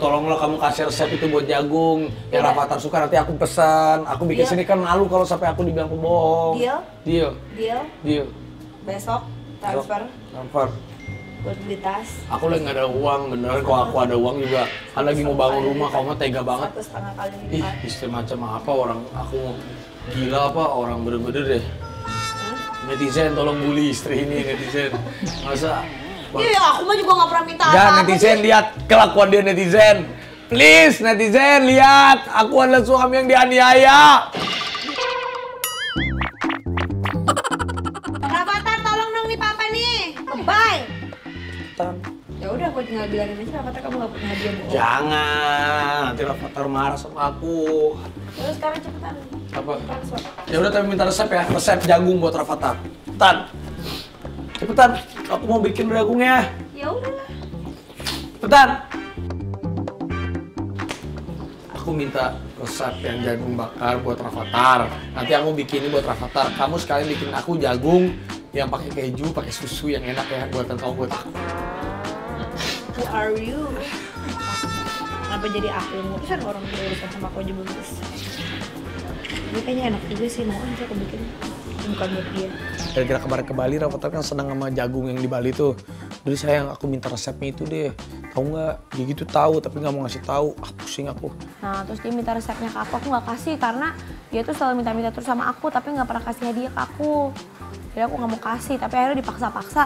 tolonglah kamu kasih resep itu buat jagung yang iya. Rafathar suka nanti aku pesan aku bikin iya. sini kan malu kalau sampai aku dibilang pembohong deal deal deal deal besok transfer transfer buat aku lagi nggak ada uang Beneran kalau aku ada uang juga kan lagi mau bangun rumah kamu tega banget satu setengah kali lipat ih istri macam apa orang aku gila apa orang bener-bener deh netizen tolong bully istri ini netizen masa Iya, aku mah juga gak pernah minta apa-apa. Ya, netizen lihat kelakuan dia netizen. Please, netizen lihat, aku adalah suami yang dianiaya. Rafathar, tolong dong nih papa nih. Bye. Ya udah, aku tinggal bilangin aja Rafathar kamu gak punya hadiah Jangan, nanti Rafathar marah sama aku. Terus sekarang cepetan. Apa? Ya udah, tapi minta resep ya, resep jagung buat Rafathar. Tan, Cepetan, aku mau bikin beragungnya. Ya udah. Cepetan. Aku minta resep yang jagung bakar buat Rafathar. Nanti aku bikin ini buat Rafathar. Kamu sekalian bikin aku jagung yang pakai keju, pakai susu yang enak ya buatan kamu buat aku. Who are you? Kenapa jadi aku yang orang yang urusan sama aku aja Ini kayaknya enak juga sih, mau aja aku bikin bukan buat dia gara-gara kemarin ke Bali Rafathar kan senang sama jagung yang di Bali tuh Jadi sayang aku minta resepnya itu deh tahu nggak dia gitu tahu tapi nggak mau ngasih tahu ah pusing aku nah terus dia minta resepnya ke aku aku nggak kasih karena dia tuh selalu minta-minta terus sama aku tapi nggak pernah kasih hadiah ke aku jadi aku nggak mau kasih tapi akhirnya dipaksa-paksa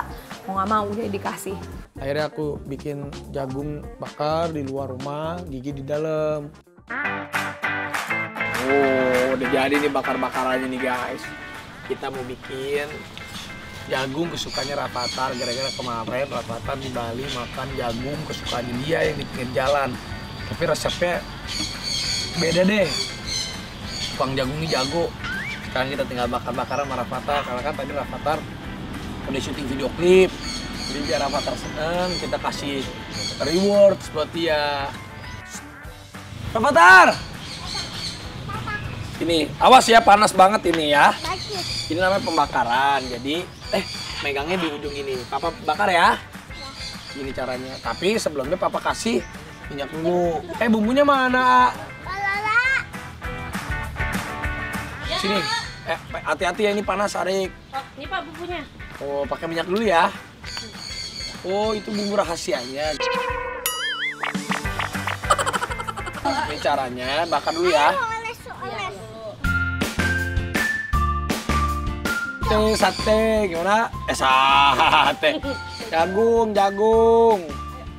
mau nggak mau jadi dikasih akhirnya aku bikin jagung bakar di luar rumah gigi di dalam oh udah jadi nih bakar-bakarannya nih guys kita mau bikin jagung kesukaannya Rafathar gara-gara kemarin Rafathar di Bali makan jagung kesukaan dia yang di pinggir jalan tapi resepnya beda deh tukang jagung ini jago sekarang kita tinggal bakar-bakaran sama Rafathar karena kan tadi Rafathar udah syuting video klip jadi biar Rafathar seneng kita kasih reward buat dia Rafathar! ini awas ya panas banget ini ya ini namanya pembakaran jadi eh megangnya di ujung ini papa bakar ya ini caranya tapi sebelumnya papa kasih minyak bumbu eh bumbunya mana ya. sini eh hati-hati ya ini panas Arik oh, ini pak bumbunya oh pakai minyak dulu ya oh itu bumbu rahasianya ini caranya bakar dulu ya sate sate gimana eh sate jagung jagung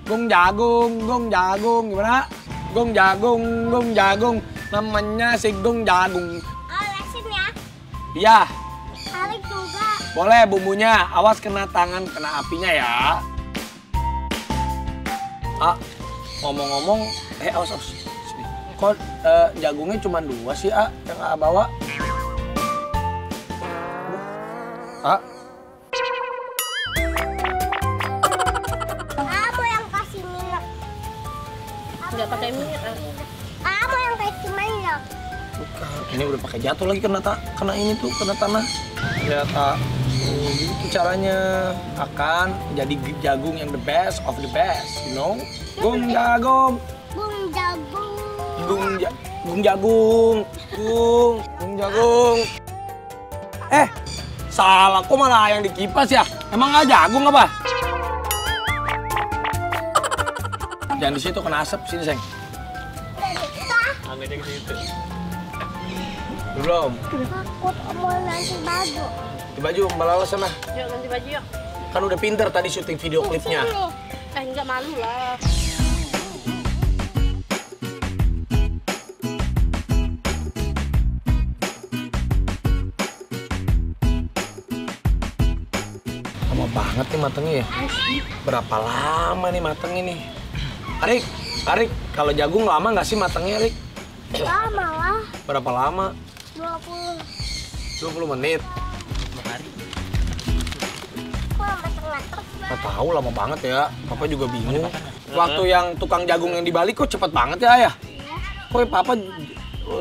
gung jagung gung jagung gimana gung jagung gung jagung namanya si gung jagung oh ya iya Kalik juga boleh bumbunya awas kena tangan kena apinya ya ah ngomong-ngomong eh awas awas kok eh, jagungnya cuma dua sih ah yang ah bawa A. Aku yang kasih minyak. Tidak pakai minyak. Ah. Aku yang kasih minyak. Bukan, ini udah pakai jatuh lagi kena tak kena ini tuh kena tanah. Ya tak. Oh, ini gitu caranya akan jadi jagung yang the best of the best, you know? Gung jagung. Gung jagung. Gung ja Gung jagung. Gung. Gung jagung. Eh, salah, kok malah yang dikipas ya? Emang nggak jagung apa? Jangan di situ kena asap sini, Seng. Anginnya ke situ. Belum. Takut mau nanti baju. baju, Mbak Lala sana. Yuk, ganti baju yuk. Kan udah pinter tadi syuting video klipnya. Eh, nggak malu lah. banget nih matengnya ya. Berapa lama nih mateng ini Arik, Arik, kalau jagung lama nggak sih matengnya, Arik? Lama lah. Berapa lama? 20. 20 menit. Nggak tahu lama banget ya. Papa juga bingung. Waktu yang tukang jagung yang dibalik kok cepet banget ya, ayah? Iya. Kok papa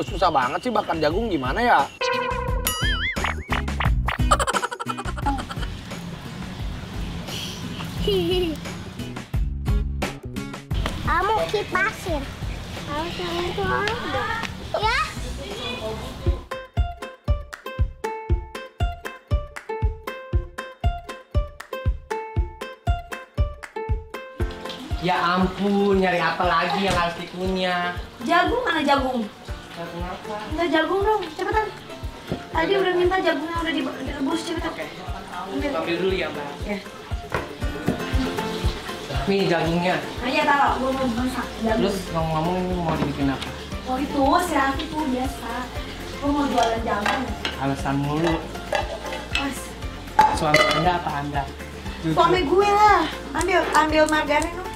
susah banget sih bakar jagung gimana ya? Kamu kipasin. Harus ada. Ya? Ya ampun, nyari apa lagi yang harus dikunyah? Jagung, mana jagung? Jagung apa? Enggak jagung dong, cepetan. Tadi udah minta jagungnya udah direbus, cepetan. Oke. Ambil dulu ya, Mbak. Ya tapi dagingnya. Nah, iya taruh, gue mau masak. Terus ngomong-ngomong mau dibikin apa? Oh itu si Raffi tuh biasa. Gue mau jualan jamu. Alasan mulu. Mas. Suami anda apa anda? Jujur. Suami gue lah. Ambil ambil margarin tuh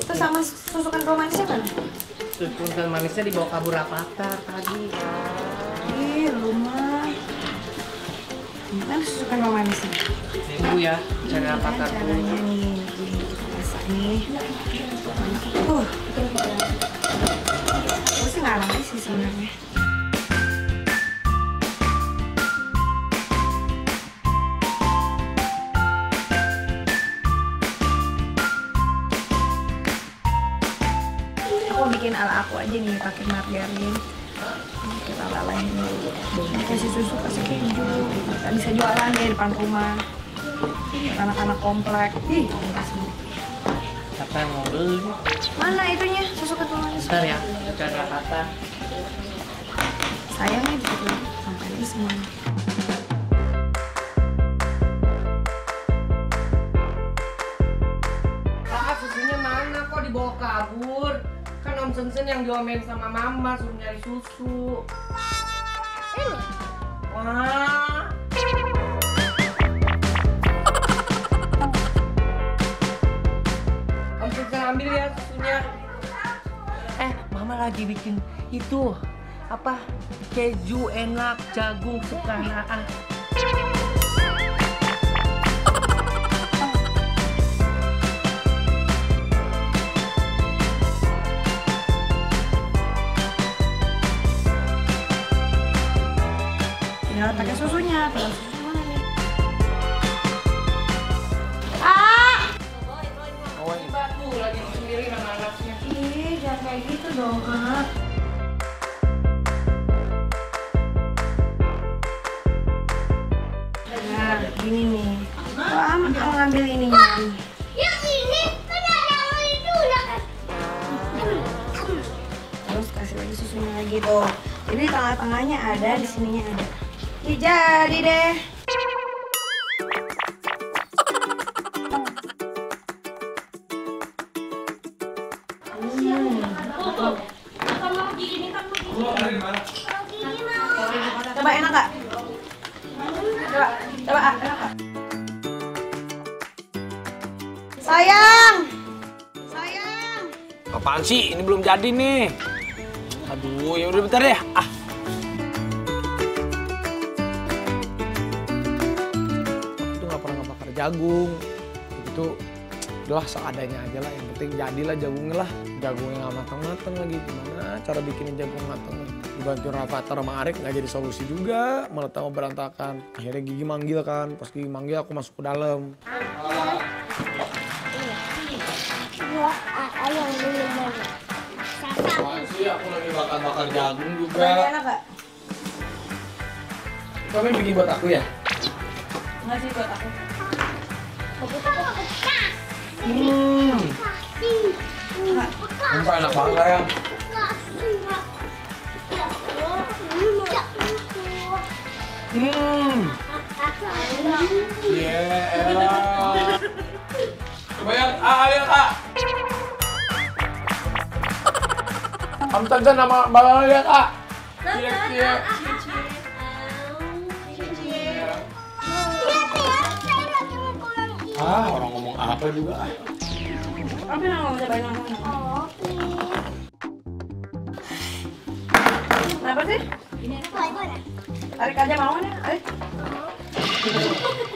Itu sama susukan romansnya mana? Susukan manisnya dibawa kabur apa tadi? lu ini Kan suka mama di sini. Ibu ya, cara apa kartu? Caranya nih, gini, masak nih. Uh, aku sih nggak lama sih sebenarnya. bikin ala aku aja nih pakai margarin kasih susu kasih keju kita bisa jualan ya depan rumah anak-anak komplek ih siapa yang mau beli mana itunya susu ketuanya besar ya cara kata sayangnya gitu sampai ini semua. Kak, susunya mana kok dibawa kabur? Kan Om Sensen yang diomelin sama Mama suruh nyari susu. Ya eh, Mama lagi bikin itu apa keju enak jagung suka ah. jangan pakai susunya tinggal susu mana nih ah batu lagi sendiri sama anaknya ih jangan kayak gitu dong ah Nah, gini nih. Wah, mau ngambil ini. Yang ini kan ada itu udah. Kan? Terus kasih lagi susunya lagi tuh. Jadi tengah-tengahnya ada, di sininya ada jadi deh. Coba enak gak? Coba, coba ah, Sayang! Sayang! Apaan sih? Ini belum jadi nih. Aduh, ya udah bentar deh. Ya. Ah. jagung itu udah seadanya aja lah yang penting jadilah jagungnya lah jagungnya nggak matang matang lagi gimana cara bikin jagung matang dibantu rafathar sama Arik nggak jadi solusi juga malah tambah berantakan akhirnya gigi manggil kan pas gigi manggil aku masuk ke dalam aku lagi bakar jagung juga kamu bikin buat aku ya? Enggak sih buat aku Hmm. enak banget ya. Hmm. Yeah. Coba yang A, nama balon yang A. Siap, Ah, orang ngomong apa juga ah. Apa yang ngomong banyak ngomong? Oh. Kenapa sih? ini Tarik aja mau nih, ayo.